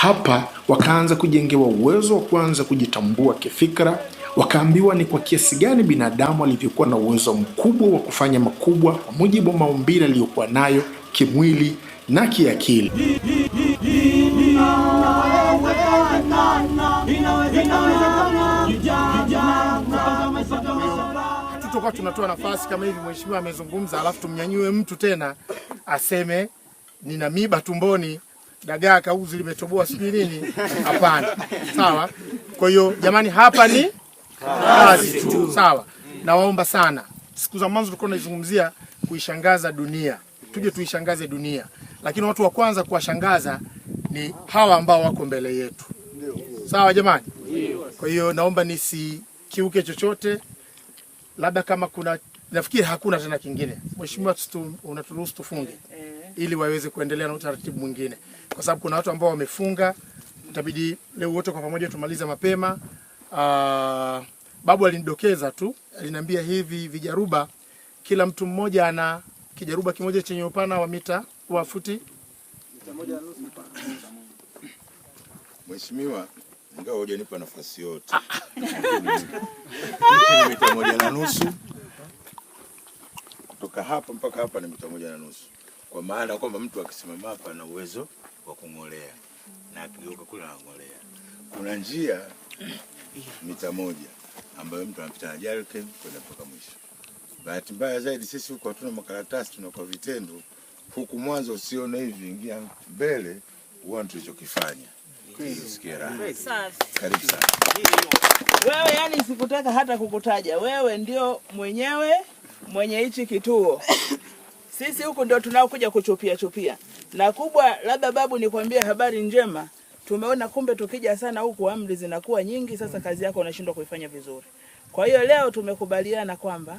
Hapa wakaanza kujengewa uwezo wa kuanza kujitambua kifikra, wakaambiwa ni kwa kiasi gani binadamu alivyokuwa na uwezo mkubwa wa kufanya makubwa kwa mujibu wa maumbile aliyokuwa nayo kimwili na kiakili. Tutokuwa tunatoa nafasi kama hivi, mheshimiwa amezungumza, alafu tumnyanyue mtu tena aseme nina miba tumboni dagaa kauzi limetoboa sijui nini. Hapana, sawa. Kwa hiyo jamani, hapa ni kazi tu, sawa. Nawaomba sana, siku za mwanzo tulikuwa tunaizungumzia kuishangaza dunia, tuje tuishangaze dunia, lakini watu wa kwanza kuwashangaza ni hawa ambao wako mbele yetu, sawa jamani. Kwa hiyo naomba nisikiuke chochote, labda kama kuna, nafikiri hakuna tena kingine. Mheshimiwa, unaturuhusu tufunge? ili waweze kuendelea na utaratibu mwingine, kwa sababu kuna watu ambao wamefunga, itabidi leo wote kwa pamoja tumaliza mapema. Aa, ah, babu alinidokeza tu, aliniambia hivi vijaruba, kila mtu mmoja ana kijaruba kimoja chenye upana wa mita wa futi Mheshimiwa, ingawa hujanipa nafasi yote ah. mita moja na nusu kutoka hapa mpaka hapa ni mita moja na nusu kwa maana kwamba mtu akisimama hapa ana uwezo wa kung'olea na akigeuka kule anang'olea. Kuna njia mita moja ambayo mtu anapita na jerrycan kwenda mpaka mwisho. Bahati mbaya zaidi sisi huko hatuna makaratasi, tuna kwa vitendo. Huku mwanzo usione hivi, ingia mbele uone tulichokifanya. Karibu sana wewe, yani sikutaka hata kukutaja wewe, ndio mwenyewe mwenye hichi kituo sisi huku ndio tunaokuja kuchupia chupia, na kubwa labda babu, nikwambie habari njema. Tumeona kumbe tukija sana huku amri zinakuwa nyingi, sasa kazi yako unashindwa kuifanya vizuri. Kwa hiyo leo tumekubaliana kwamba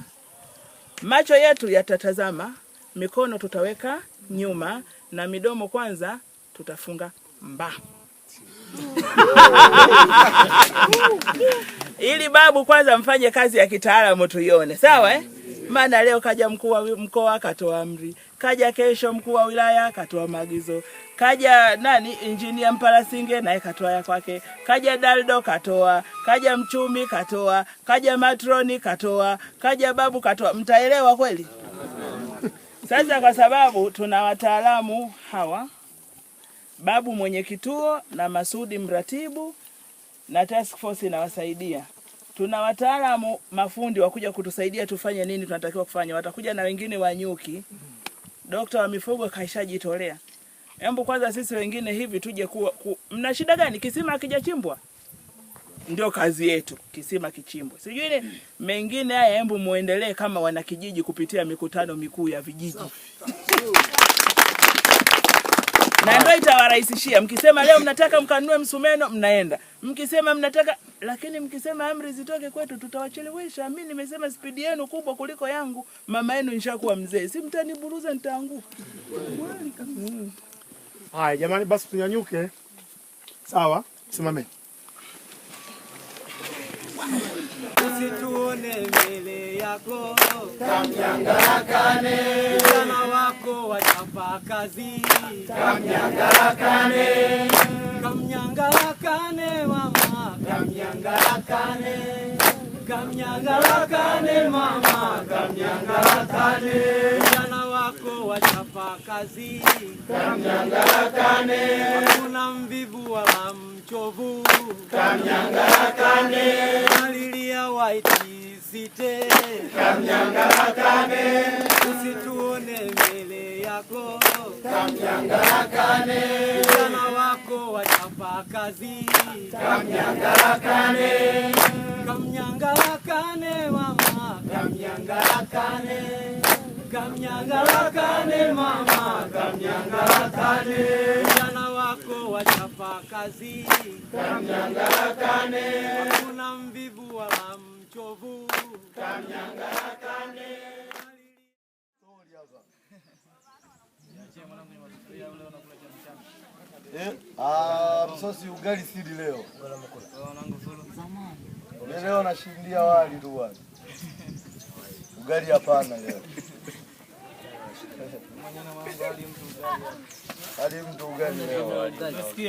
macho yetu yatatazama, mikono tutaweka nyuma, na midomo kwanza tutafunga mba ili babu kwanza mfanye kazi ya kitaalamu tuione, sawa eh? Maana leo kaja mkuu wa mkoa akatoa amri, kaja kesho mkuu wa wilaya akatoa maagizo, kaja nani injinia mparasinge naye katoa ya kwake, kaja Daldo katoa, kaja mchumi katoa, kaja matroni katoa, kaja babu katoa. Mtaelewa kweli? Sasa kwa sababu tuna wataalamu hawa, babu mwenye kituo na Masudi mratibu na task force inawasaidia tuna wataalamu mafundi wakuja kutusaidia tufanye nini tunatakiwa kufanya. Watakuja na wengine wa nyuki, dokta wa mifugo kaishajitolea. Hebu kwanza sisi wengine hivi tuje kuwa ku, mna shida gani? Kisima akijachimbwa ndio kazi yetu, kisima kichimbwe, sijui ni mengine haya. Hebu muendelee kama wanakijiji kupitia mikutano mikuu ya vijiji na ndio ita mnawarahisishia. Mkisema leo mnataka mkanunue msumeno, mnaenda. Mkisema mnataka, lakini mkisema amri zitoke kwetu, tutawachelewesha. Mimi nimesema spidi yenu kubwa kuliko yangu, mama yenu nshakuwa mzee, si mtaniburuza, nitaanguka. Mm. Haya jamani, basi tunyanyuke. Sawa, simameni usituone mbele yako, kamnyangarakane. Vijana wako wachapa kazi, kamnyangarakane, kamnyangarakane mama, kamnyangarakane Kamnyangalakane mama, kamnyangalakane vijana wako wachapa kazi, kamnyangalakane hakuna mvivu wala mchovu, kamnyangalakane walilia waita Usite kamnyangalakane, usituone mbele yako kamnyanga kamnyangalakane, kama wako wachapa kazi kamnyanga kamnyanga kamnyangalakane mama kamnyanga kamnyanga kamnyangalakane mama kamnyangalakane, vijana wako wachapa kazi kamnyangalakane, hakuna mvivu wala uchovu eh? ah, msosi ugali sidi leo leo nashindia wali tu ugali hapana leo Safi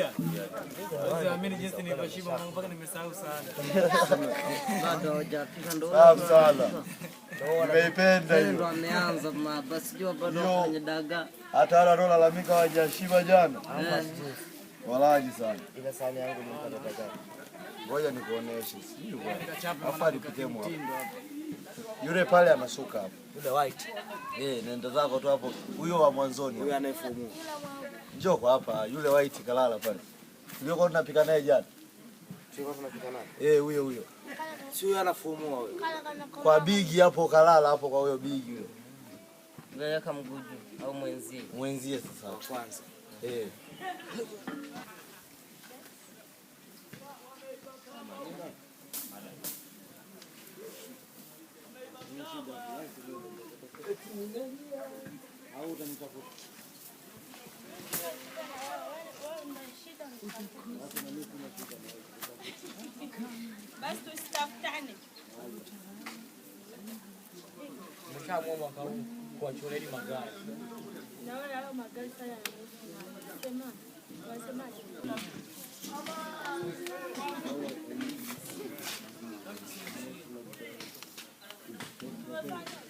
sana. Nimeipenda hiyo. Ameanza jua bado kwenye Hata jana. Eh. Walaji sana. Ile yangu ni Ngoja nikuoneshe. mwa. Yule pale anasuka hapo. Yule white. Eh, nenda zako tu hapo. Huyo wa mwanzoni. Huyo anayefumu. Njoo kwa hapa, yule white kalala pale. kwa tunapika naye jana. Tulikuwa tunapika naye. Eh, huyo huyo. Si huyo anafumua huyo. Kwa bigi hapo kalala hapo kwa huyo bigi huyo. Ngaweka mguu juu au mwenzi. Mwenzi sasa kwanza. Eh au utanitafuta basi Mshamua mwaka huu kuwachoreni magari, magari Thank you.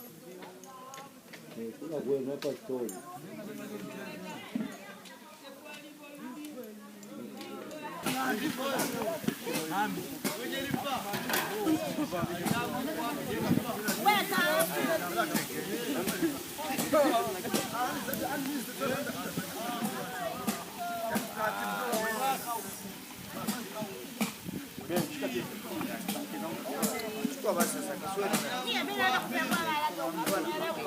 Por favor, não é pastor. Bem, fica aqui. Qual vai ser essa cachorra? Minha, vem lá,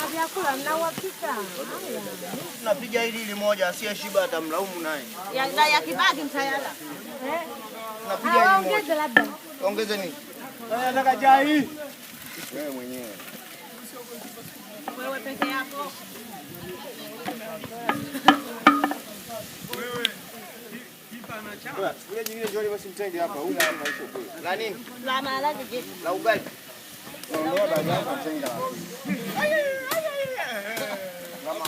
Mavyakula mnauhakika? Tunapiga hili hili moja, asiye shiba atamlaumu naye. Ya ya kibaki mtayala. Eh? Tunapiga hili moja. Ongeze labda. Ongeze nini? Eh, nataka chai. Wewe mwenyewe. Wewe peke yako. Wewe Kuja jingine jioni basi mtenge hapa. Huyu hapa hicho kule. La nini? La maharage je? La ugali. Ondoa baadaye mtenge.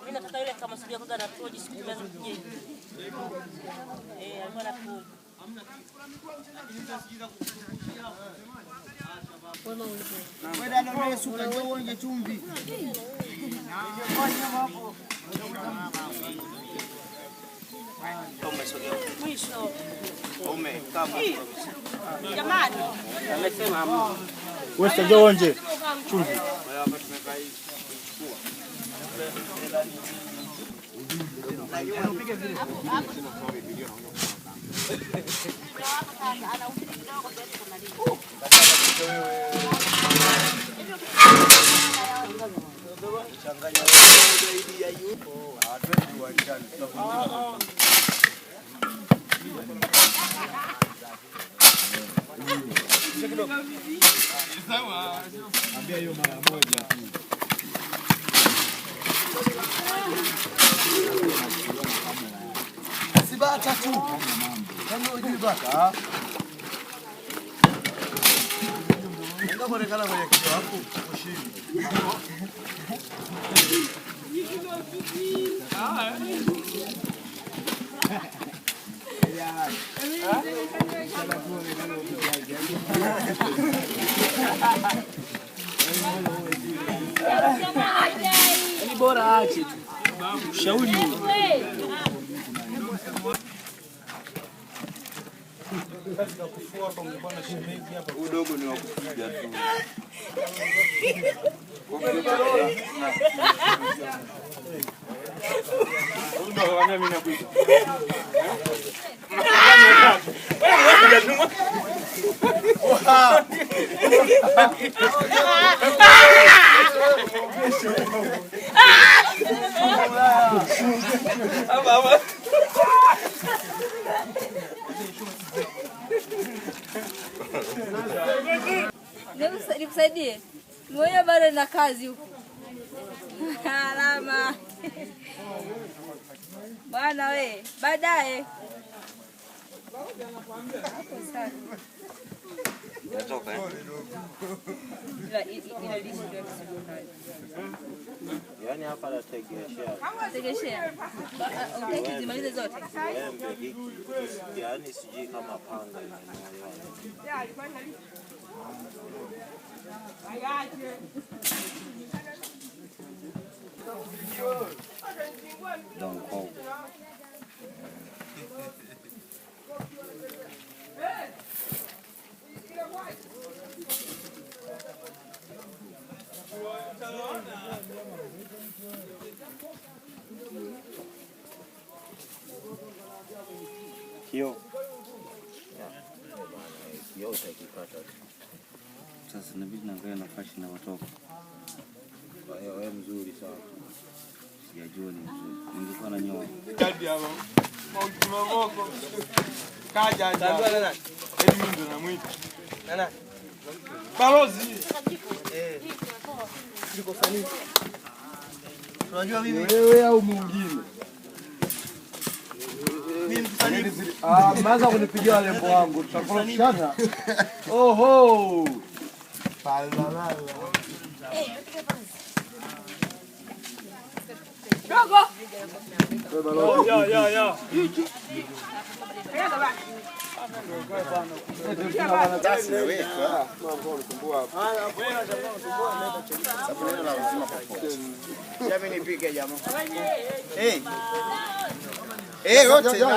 Mimi nataka yule kama siku kwanza na toji siku ya mjini. Eh, alikuwa na toji. Hamna chumvi. Na chumvi. Is Ambia hiyo m a r e moja tu. Sibata tu. Kama unajui baka. Ndio bora kwa kitu hapo kushini. Ah bora aache tu. Shauri udogo ni wakupiga tu. ama. Nikusaidie, moja bado na kazi huko alama bwana we, baadaye Yaani hapa nategeshea. Tegeshea. Utaki zimalize zote. Embe hiki. Yaani sijui kama panga Don't call. Hey! Kio kio utakipata sasa, inabidi naangalia nafasi na watoka. Wewe mzuri sana, sijajua ni mzuri, ningekuwa na nyoa kaja ndio namwita balozi eh Unajua mimi wewe au mwingine? Mimi Ah, mwanza kunipigia walembo wangu. Tutakorofishana. Oho. Balala. Dogo. Ya ya ya.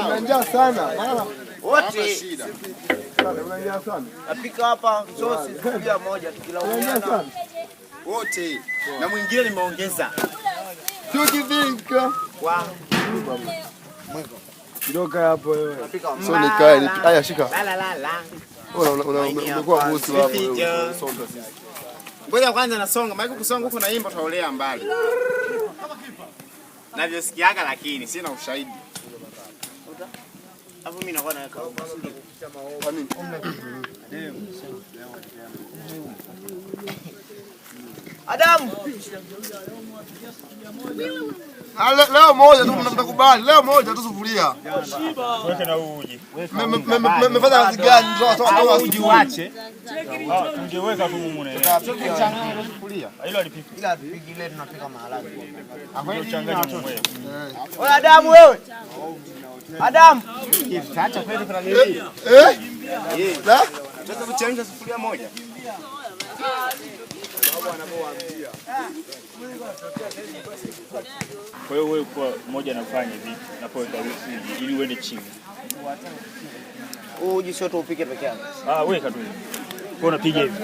Unanjaa sana wote, unanjaa Napika hapa msosi sufuria moja, tukilaumiana wote, na mwingine nimeongeza. Tukivinka Kidoka hapo wewe. So nikae. Haya shika. La la la. Una una umekuwa busu hapo. Songa sisi. Ngoja kwanza nasonga. Maana kusonga huko naimba taolea mbali. Navyosikiaga lakini sina ushahidi. Hapo mimi nakuwa naweka huko. Adamu. Ah, leo moja tu mtakubali. Leo moja tu sufuria. Weka na uji. Mmefanya kazi gani? Toa toa toa uji uache. Ah, ungeweka tu mumu na. Tutachanganya na sufuria. Hilo ah, alipika. Ila alipika ile tunapika maharage. Hapo changanya mumu. Wewe Adamu wewe. Adamu. Acha kweli kuna nini? Eh? Eh. Sasa tuchanganya sufuria moja. Kwa hiyo wewe kwa mmoja anafanya hivi napoweka uji ili uende chini. uji sio tu upike peke yako. Ah, weka tu. Kwa unapiga hivi.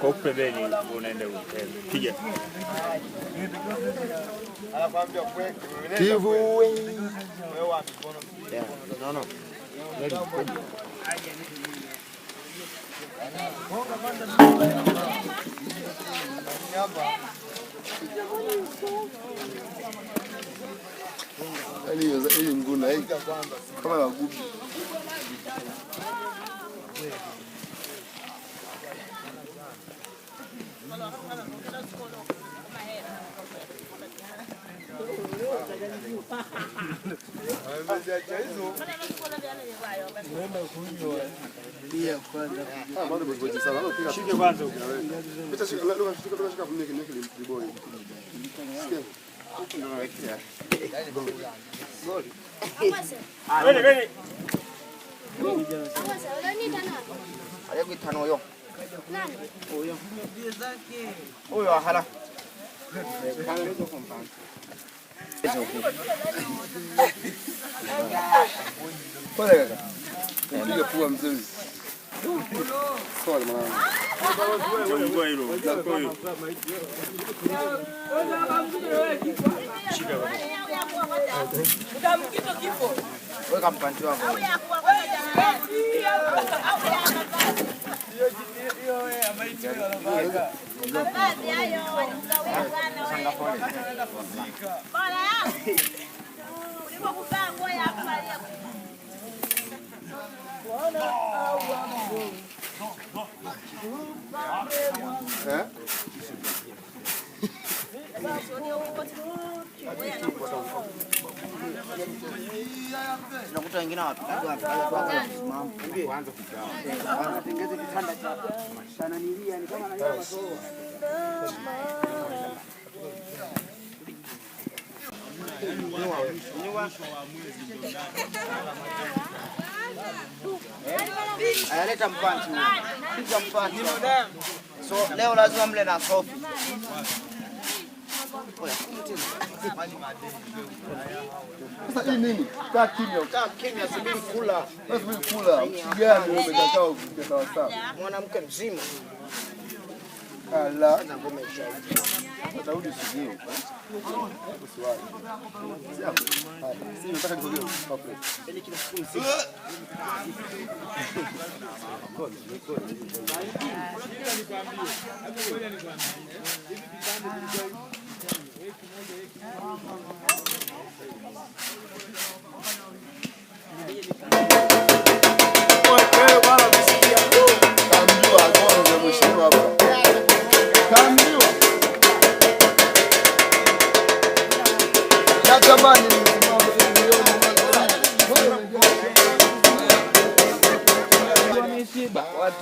Kwa huku pembeni unaenda piga. Give away. Yeah. No, no. Ready. Hii nguna hii kama wagubi. Thank you. Huyo ahala Utamkito kifo. Weka mpanti wako. Eh? Nakuta wengine watengeze kitanda cha shananilia ni kama nalia masoa Aleta mpanchi, piga mpanchi. So leo lazima mle na kofi. Oya, kumtini. Sasa hii nini? Kaa kimya, kaa kimya, subiri kula, subiri kula. Usijali wewe, umekaa ukipiga sawa sawa, mwanamke mzima. Ala, Daudi, sijui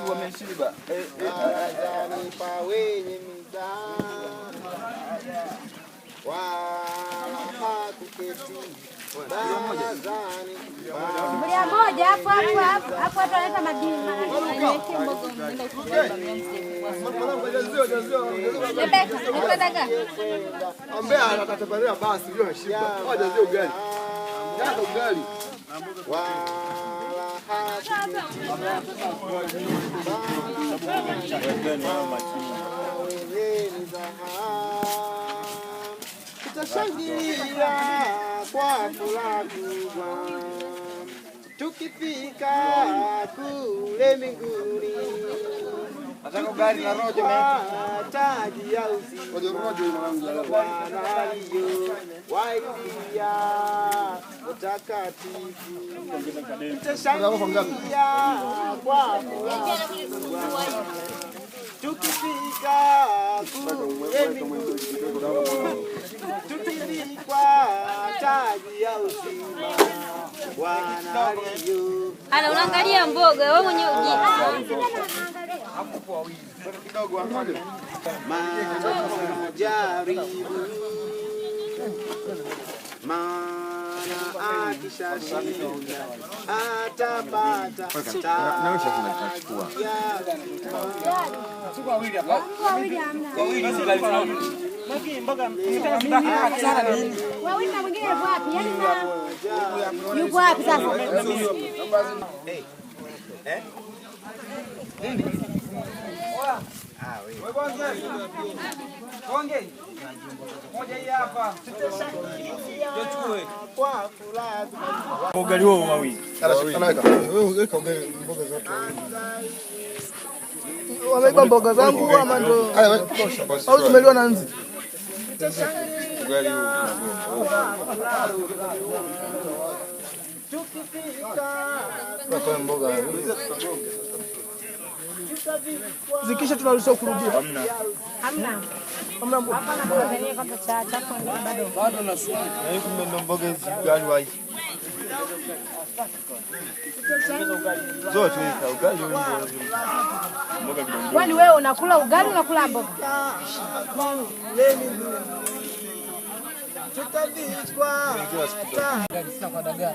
Wameshiba, Mbulia moja hapo hapo hapo hapo ataleta madini niweke mbogo nenda Rebeka, unakwenda gani? Ambea anatembelea basi hiyo heshima. Moja ugali. Ndio ugali. Wala tunashangilia kwa furaha kubwa, tukifika kule mbinguni taji ya uzima Bwana aliyowahidia utakatifu, tutashangilia kwa furaha kubwa tukifika kule taji ya uzima. Bwana aliyo ana unaangalia mboga wewe mwenyewe ujibu majaribu Bwana akishashinda atapata yuko Konge moja wawili wameiba mboga zangu ama ndo au zimeliwa na nzi? Zikisha tunaruhusiwa kurudia. Hamna. Hamna. Hamna mboga. Hapana cha bado. na kuna hizi gani wapi? Zote hizo ugali mboga mboga. Kwani wewe unakula ugali unakula mboga? Tutavichwa. Tutavichwa.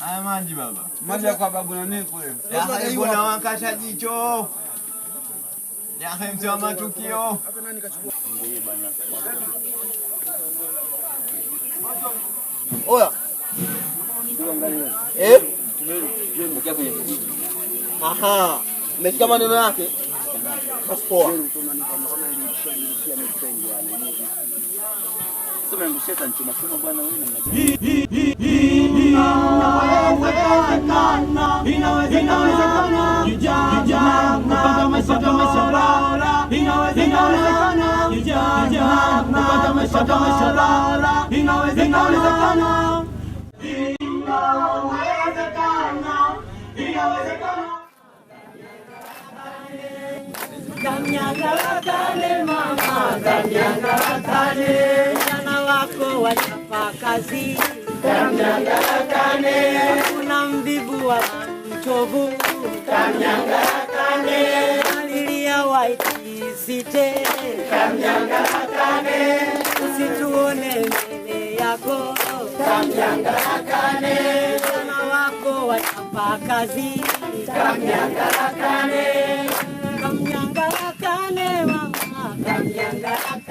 Haya maji baba. Maji kwa babu na nini kule? Ya bwana wankasha jicho. Ya mzee wa matukio. Oya. Eh? Aha. Umesikia maneno yake? Passport. Kanyanga, kanyanga, kanyanga, kanyanga wachapakazi, kamnyangarakane. Hakuna mvivu wa mchovu, kamnyangarakane. Alilia waitisite, kamnyangarakane. Usituone mbele yako, kamnyangarakane. Wana wako wachapakazi, kamnyangarakane. Kamnyangarakane mama, kamnyangarakane.